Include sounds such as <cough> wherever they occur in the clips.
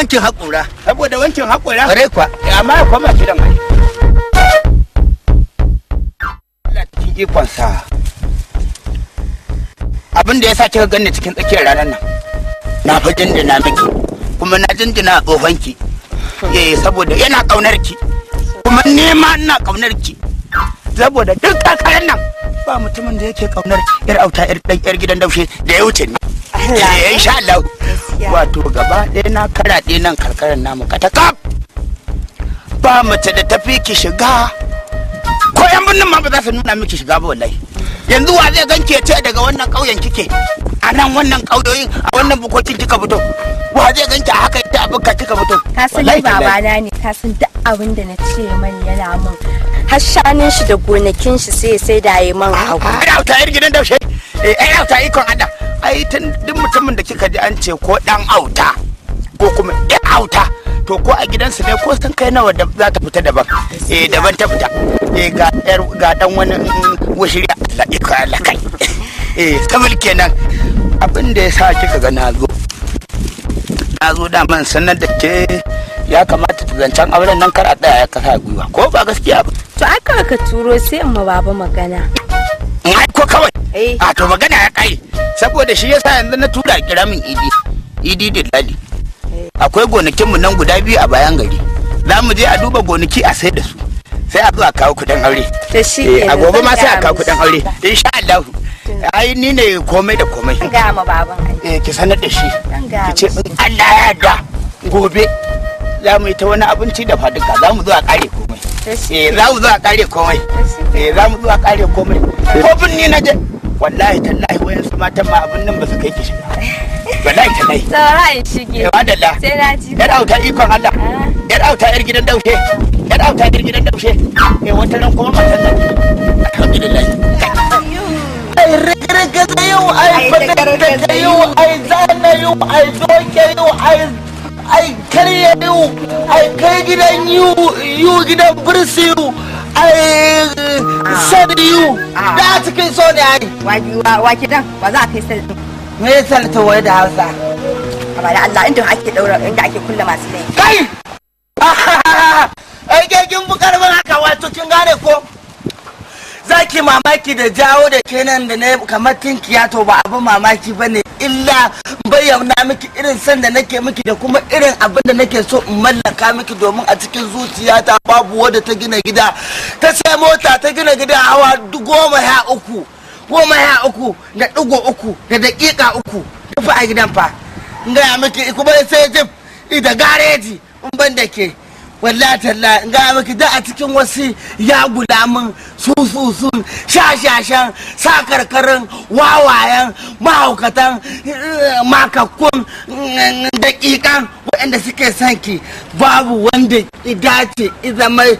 wankin haƙura. Saboda wankin haƙura? Kare kwa. Amma ya kwama shi da mai. Allah cikin ikonsa. Abin da ya sa kika ganni cikin tsakiyar ranar nan. Na fa jinjina miki kuma na jinjina a tsohonki. Eh saboda yana ƙaunar ki. Kuma nema ina ƙaunar ki. Saboda duk kayan nan ba mutumin da yake ƙaunar yar auta yar gidan daushe da ya wuce ni. Allah eh, ya insha Allah wato gaba ɗaya na karaɗe nan karkarar namu katakaf ba mace da tafi ki shiga ko yan birnin ma ba za su nuna miki shiga ba wallahi yanzu wa zai ganke ce daga wannan ƙauyen kike a nan wannan ƙauyoyin a wannan bukokin kika fito wa zai ganke a haka ita abin ka kika fito ka san ni babana ne ka san duk abin da na ce man yana min har shanin shi da gonakin shi sai sai da yi man hagu ai auta yar gidan daushe eh, ai auta ikon Allah ai duk mutumin da kika ji an ce ko dan auta ko kuma yan auta to ko a gidansu ne ko san kai nawa da za ta fita daban eh daban ta fita eh ga yar ga dan wani mm, washiri Allah ika Allah kai <laughs> eh kamar kenan abin da yasa kika ga na zo na zo da man sanar da ke ya kamata ta zancan auren nan kar a daya ya kasa gwiwa ko ba gaskiya ba to aka ka turo sai amma baba magana Eh. a ah, to magana ya kai saboda shi yasa yanzu na tura kira min idi idi dillali eh. akwai gonakinmu nan guda biyu a bayan gari za mu je a duba gonaki a sai da su sai a zo a kawo kudin aure eh, a gobe ma sai a kawo kudin aure insha Allah ai ni ne komai da komai ga ma baban eh ki sanar da shi ki ce in Allah ya yarda gobe za mu yi ta wani abinci da faduka za mu zo a kare komai eh za mu zuwa kare komai eh za mu zuwa kare komai ko binni na je wallahi tallahi wayan su matan ma abin nan ba su kai ki shiga wallahi tallahi tsara in shige eh wadalla sai na ji yar auta ikon Allah ah. yar auta yar gidan daushe yar auta yar gidan daushe eh wata ran kuma matan nan alhamdulillah ai rigirgiza yau ai fadin yau ai zana yau ai doke yau ai ai karya yiwu ai kai gidan yiwu gidan birsi yiwu ai sani yiwu ah. da a cikin so ne ai waki dan ba za a kai sani me ya sanata wai da hausa A da Allah inda ake daura inda ake kulle masu laifi kai <laughs> ai kin bukar haka wato kin gane ko zaki mamaki da jawo da kenan da na kamar tinkiya to ba abin mamaki ba ne illa bayyana miki irin san da nake miki da kuma irin abin da nake so in mallaka miki domin a cikin zuciyata babu wadda ta gina gida ta sai mota ta gina gida hawa goma ya uku goma ya uku da digo uku da dakika uku da fa a gidan fa in gaya miki kuma sai jib da gareji in ban da ke wallahi talla in ga miki da a cikin wasu ya gulamin sha shashashan sa karkarin wawayen mahaukatan makakkun dakikan waɗanda suke son ki babu wanda idace mai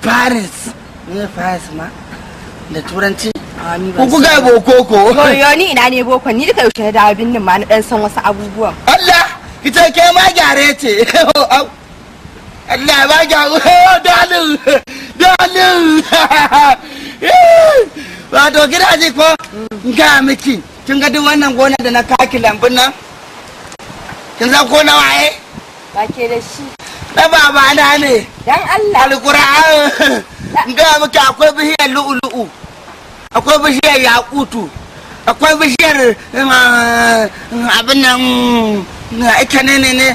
paris ne paris ma da turanci ku ga bokoko ni ina ne boko ni duka yaushe da abin nan ma na dan san wasu abubuwan Allah ita ke ma gyare ce <laughs> Allah ba ga dalin dalin wato gidaje ko ga miki kin ga duk wannan gona da na kaki lambun nan kin san ko nawa eh ba ke da shi na baba na ne dan Allah alquran ga miki akwai bishiyar lu'ulu'u akwai bishiyar yakutu akwai bishiyar abin nan ita ne ne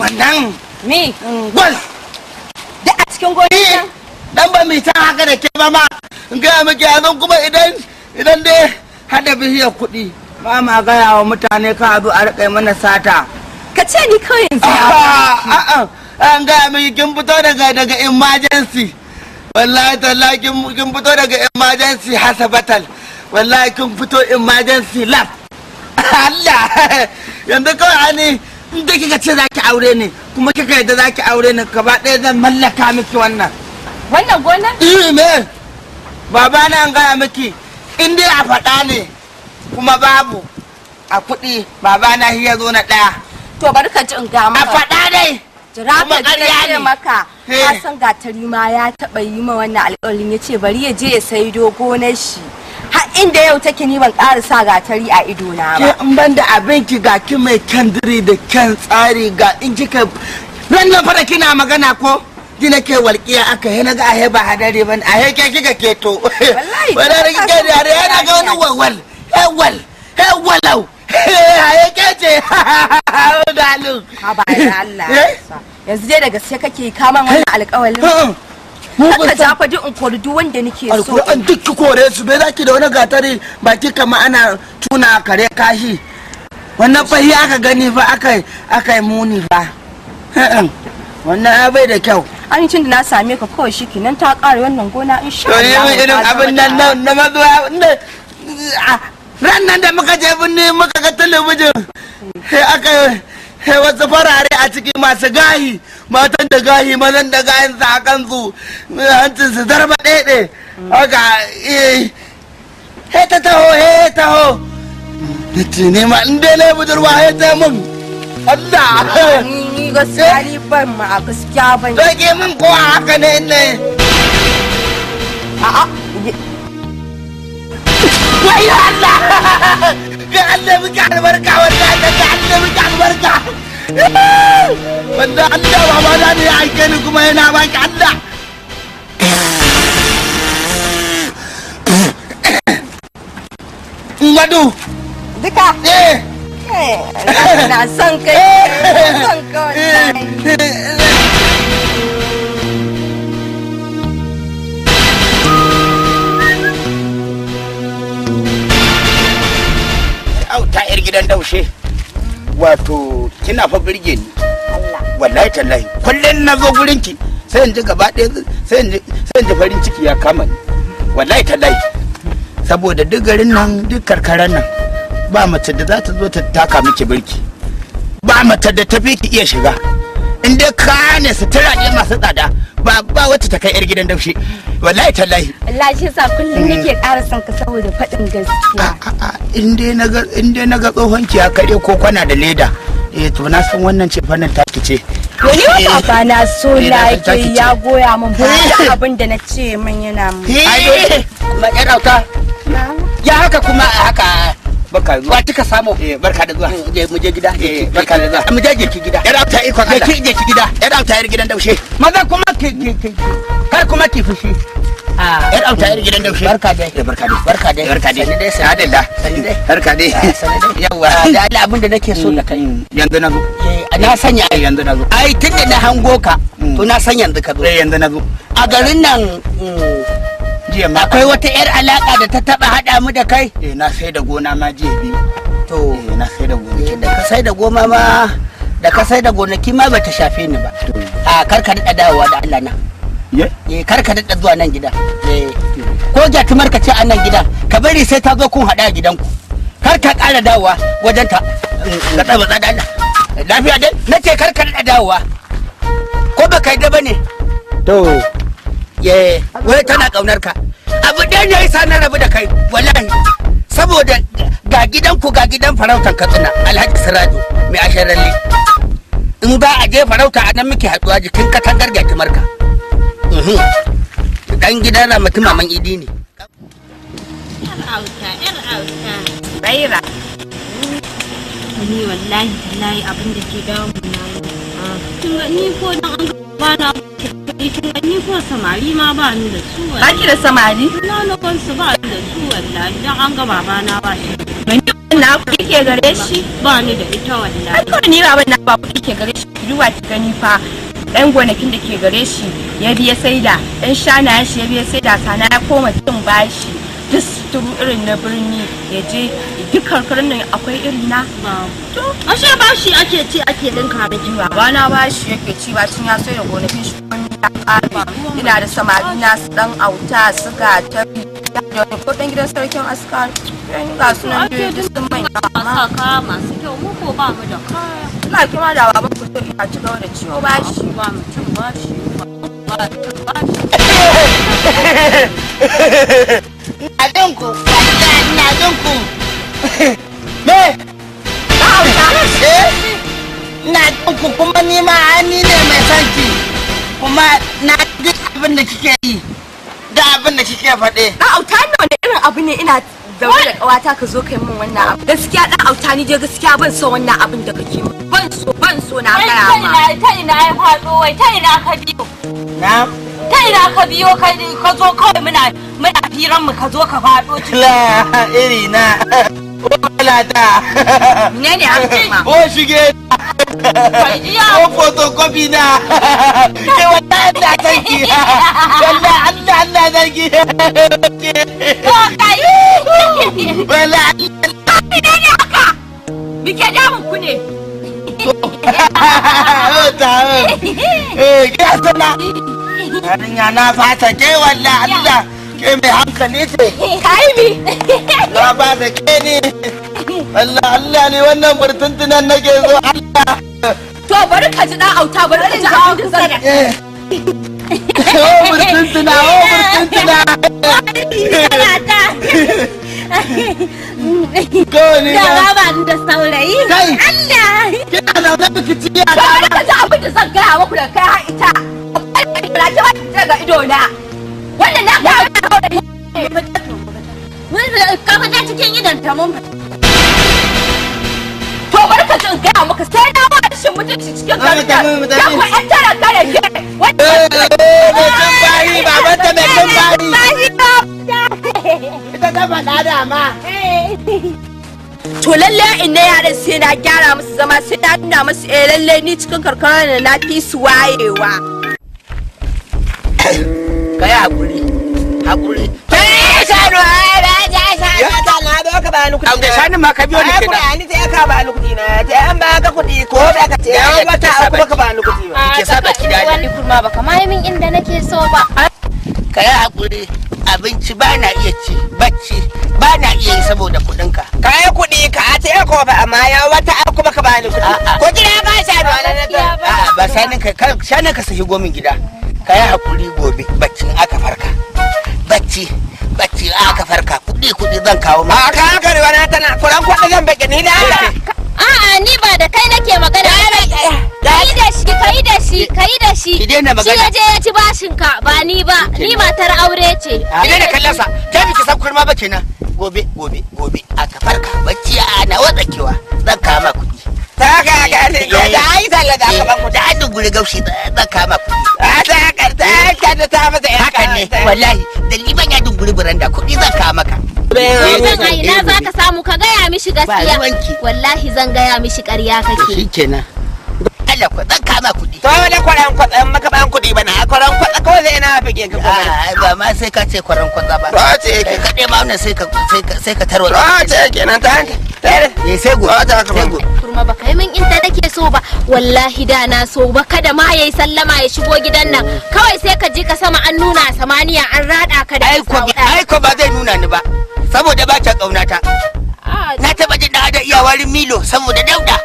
wannan me gwal mm, da a cikin gonan eh, dan ba mai ta haka da ke ba ma in gaya miki a zan kuma idan idan dai hada bihiyar kuɗi ba ma gaya wa mutane ka abu a rikai mana sata ka ce ni kawai yanzu a'a an gaya miki kin fito daga daga emergency wallahi tallahi kin fito daga emergency hasabatal wallahi kin fito emergency lab <laughs> Allah <laughs> yanzu kawai ani in da kika ce za ki aure ni kuma kika yadda za ki aure ni gaba ɗaya zan mallaka miki wannan wannan gona? iya eh, me baba na an gaya miki in dai a faɗa ne kuma babu a kuɗi baba na shi ya zo na ɗaya to bari ka ji in ga maka a faɗa dai jira ka ji maka eh. ka san gatari ma ya taɓa yi ma wannan alƙalin ya ce bari ya je ya sai dogonar shi inda yau take ni ban ƙara sa gatari a ido na ba in ban da ki, ga ki mai kandiri da kyan tsari ga in kika ran nan fara kina magana ko ji nake walƙiya aka he na ga ahe ba hadari ban ahe ke kika keto wallahi ba da kike da yare yana ga wani wawal hewal hewalau ahe ke ce <laughs> dalu ha ba Allah eh? yanzu dai da gaske kake kaman wannan alƙawalin Haka ja fa in kori duk wanda nake so. Alkur'an duk ki kore su bai zaki da wani gatari baki kama ana tuna kare kashi. Wannan fahi aka gani fa aka aka muni fa. Wannan bai da kyau. An amincin da na same ka kawai shi kenan ta ƙara wannan gona in sha Allah. To irin abin nan na mazuwa inda ran nan da muka je binne muka ga talabijin sai aka sai wasu farare a ciki masu gahi matan da gayi mazan da gayin sa a kansu hancin su zarba ɗaiɗe haka eh, he ta taho he taho na ce nema in dai na budurwa he ta mun Allah ni gaskiya eh. ni ban ma a gaskiya ban ke mun ko haka ne ne a'a wai Allah <laughs> ga Allah muke albarka wallahi ga Allah muke albarka wanda Allah baba da ne ya aike ni kuma yana baki Allah Ngadu Duka eh. eh Na son kai eh. son kai eh. ta 'yar gidan daushe wato kina fa birge ni wallahi tallahi kullum na zo gurin ki sai in ji gaba ɗaya sai in ji farin ciki ya kama ni wallahi tallahi saboda duk garin nan duk karkarar nan ba mace da za ta zo ta taka miki birki ba mace da tafi ki iya shiga in dai ka ne sutura ne masu tsada ba ba wacce ta kai yar gidan daushi wallahi tallahi wallahi sa yasa kullum nake hmm. ƙara son ka saboda faɗin gaskiya in dai na ga in dai na ga tsohon ki kare ko kwana da leda eh to na san wannan ce fannin taki ce wani wata ba eh. na so eh, na ke ya goya min ba eh. da abin da na ce min yana mun ai dole ma ya haka kuma haka barka da zuwa ba kika samu eh barka da zuwa eh, mu je gida eh barka da zuwa mu je je ki gida yar auta ikon Allah je ki gida yar auta yar gidan daushe maza kuma ki kar kuma ki fushi ah. yar auta yar gidan daushe eh, barka dai barka dai barka dai barka dai sani dai sani dai sani dai barka dai ah, yawa ah, da Allah abin da nake so da kai mm, mm. yanzu na zo eh, na sanya ai yanzu na zo ai tunda na hango ka mm. to na san yanzu ka zo eh yanzu na zo a garin nan akwai wata yar alaka da ta taba hada mu da kai eh na sai da gona ma jiya biyu to eh na sai da gonakin da ka sai da goma ma da ka sai da gonaki ma bata shafe ni ba a kar ka dada dawowa da Allah na eh kar ka dada zuwa nan gida eh ko jatumar ka ce a nan gida ka bari sai ta zo kun hada gidanku kar ka kara dawowa wajen ta eh, ka tsaba tsada lafiya dai nace kar ka dada dawowa ko baka yi da bane to ye wai tana kaunar ka abu ɗaya ne yasa na rabu da kai wallahi saboda ga gidan ku ga gidan farautar katsina alhaji sirado mai asharalli in ba a je farauta a nan muke haɗuwa jikin katangar gyatumar ka dan gidan ramatu maman idi ne Baira. Ni wallahi tallahi abin da ke damu na. Kin ni ko dan an ga ba na gani kin gani samari ma ba ni da su ba ki da samari na na kansu ba ni da su wallahi idan an ga babana ba shi mani na ku kike gare shi ba ni da ita wallahi ai kawai ni baban na ba ku kike gare shi duwa ki gani fa dan gonakin da ke gare shi ya biya saida dan shana shi ya biya saida sana ya koma cin bashi duk turu irin na birni ya je duk karkarar nan akwai irin na to ashe bashi ake ci ake linka miki na bashi yake ci bacin ya so da gonakin shi ina da samari na su dan auta suka tafi da gidan sarkin askar ga sunan biyu da sun mai amma masu kyau mu ba mu da kaya ina kima da baban ku sai ina ci gaba da ciwo ba shi ba mutum ba shi ba ba shi na ku na ku me na <laughs> eh na ku kuma ni ma ani ne mai sanki kuma na duk abin da kike yi da abin da kike faɗe. Da auta ne wani irin abu ne ina zaune da ƙawata ka zo kai min wannan abu. Gaskiya da auta ni je gaskiya ban so wannan abin da kake min. Ban so ban so na gaya ma. Ta ina ya faɗo wai ta ina ka biyo. Na? Ta ina ka biyo ka ka zo kawai muna muna firan mu ka zo ka faɗo. La iri na. Wala ta. Menene haka ma? Ko shige ta. ko photocopy na <laughs> ke wata da <laughs> Allah Allah ko kai ne. eh <laughs> sana. na fata ke wallahi Allah ke mai hankali ce. Kai Na ba da ke ne. Allah Allah ne wannan burtuntunan nake zo Allah to bari ka ji dan auta bari ka ji abin da zan eh. Oh burtuntuna oh burtuntuna Kone ba da saurayi Allah Kina da zan ki ciya To bari ka ji abin da zan gaya muku da kai ha ita Ba ki ba daga ido na Wannan na ga haure Mun ka cikin idan ta mun fita ka jin gaya maka sai na ba rashin mutunci cikin garin nan da ku yan tara kare ke wanda eh, eh, eh, mai cin bari baban ta mai cin bari ita ta faɗa da to lalle in na yaran sai na gyara musu zama sai na nuna musu eh lalle ni cikin karkara na na fi su wayewa kai hakuri hakuri kai shanu ai ba ja shanu ka ba ni kuɗi. Abu shanin ma ka biyo ni kenan. Ai ni sai ka ba ni kuɗi na. Ta an ba ka kuɗi ko ba ka ce. Ya ba ta kuma ka ba ni kuɗi ba. Ke sa baki da ni kurma ba yi min inda nake so ba. Ka yi hakuri abinci ba na iya ci bacci ba na iya yi saboda kuɗin ka. Ka yi kuɗi ka a tsaye ko ba amma ya wata an kuma ka ba ni kuɗi. Ko gida ba shi a nan ba. Ba shanin ka shanin ka sahi gomin gida. Ka yi hakuri gobe baccin aka farka. bacci bacci a ka farka kudi kudi zan kawo ma ka ka rewa na tana kuran kwaɗa zan baki ni da haka a'a ni ba da kai nake magana kai da shi kai da shi kai da shi ki daina magana shi yaje ya ci bashin ka ba ni ba ni matar aure ce ki daina kallon sa ta miki san kurma ba kenan gobe gobe gobe a ka farka bacci a na kiwa zan kama kuɗi ta ga ga da ai sallada ka ban ku da hannu gure gaushi zan kama kuɗi wallahi dalli ya dunguri buranda kuɗi zan kawo maka zan ina za ka samu ka gaya mishi gaskiya wallahi zan gaya mishi ƙarya kake shikenan Allah ku zan kama kuɗi to wala kwaran kwatsan maka ban kuɗi ba na kwaran kwatsa kawai zai na fike ka kuma ah, ba ma sai ka ce kwaran kwatsa ba Ba ce ka dai ma wannan sai ka sai ka tarwa to ce kenan ta hanka. ya eh, eh, sai go ta haka ba kurma ba kai min inda take so ba wallahi da na so ba kada ma yayi sallama ya shigo gidan nan mm. kawai sai ka ji ka sama an nuna samaniya an rada ka da aiko aiko ba zai nuna ni ba saboda ba ta kaunata ah, na taba jin da iya warin milo saboda dauda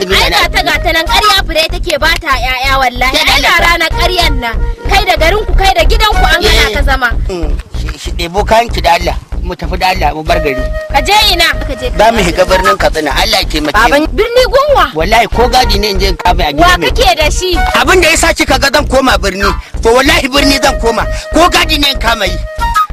ai ga ta ga ta nan ƙarya fure take ba ta ƴaƴa wallahi ai ga ranar ƙaryan nan kai da garin ku kai da gidan ku an gana ka eh. zama mm. shi ɗebo kayan ki da Allah mu tafi da Allah mu bar gari ka je ina ka je mu shiga birnin Katsina Allah ke mace baban birni gonwa. wallahi ko gadi ne in je ka bai a gida wa kake da shi abin da yasa kika ga zan koma birni to wallahi birni zan koma ko gadi ne in kama yi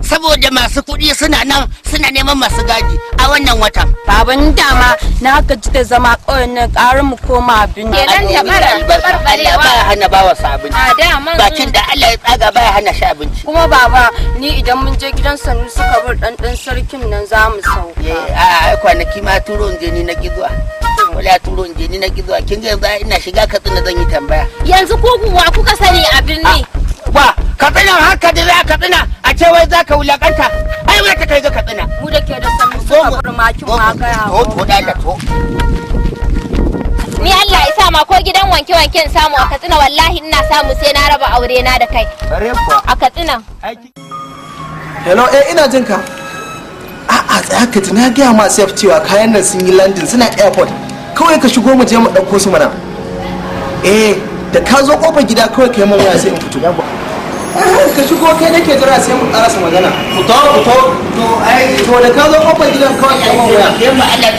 saboda masu kuɗi suna nan suna neman masu gadi a wannan watan. Baban dama na haka ji da zama ƙauyen nan ƙarin mu koma abin. Kenan da bara da barbarewa. Ba hana bawa sa A Bakin da Allah ya tsaga ba hana shi abinci. Kuma baba ni idan mun je gidan sanu suka bar ɗanɗan sarkin nan za mu sau. Eh, a kwanaki ma turo je ni na gizuwa. Wala turo je ni na gizuwa, zuwa. Kin ga yanzu ina shiga katsina zan yi tambaya. Yanzu ko kuwa kuka sani a birni. Ah, yawwa ka tsina haka da za ka tsina a ce wai za ka wulakanta ai wai ta kai zo ka tsina mu da ke da san mu so makin ma ga to to da ka to ni Allah ya sa ma ko gidan wanke wanken samu a Katsina wallahi ina samu sai na raba aure na da kai a Katsina hello eh ina jin ka a'a tsaya ka na gaya ma safe cewa kayan nan sun yi landin suna airport kawai ka shigo mu je mu ɗauko su mana eh da ka zo kofar gida kawai ka yi mun sai in fito ka shigo kai nake jira sai mu karasa magana ku to ku to to ai to da ka zo kofar gidan kawai ai mun waya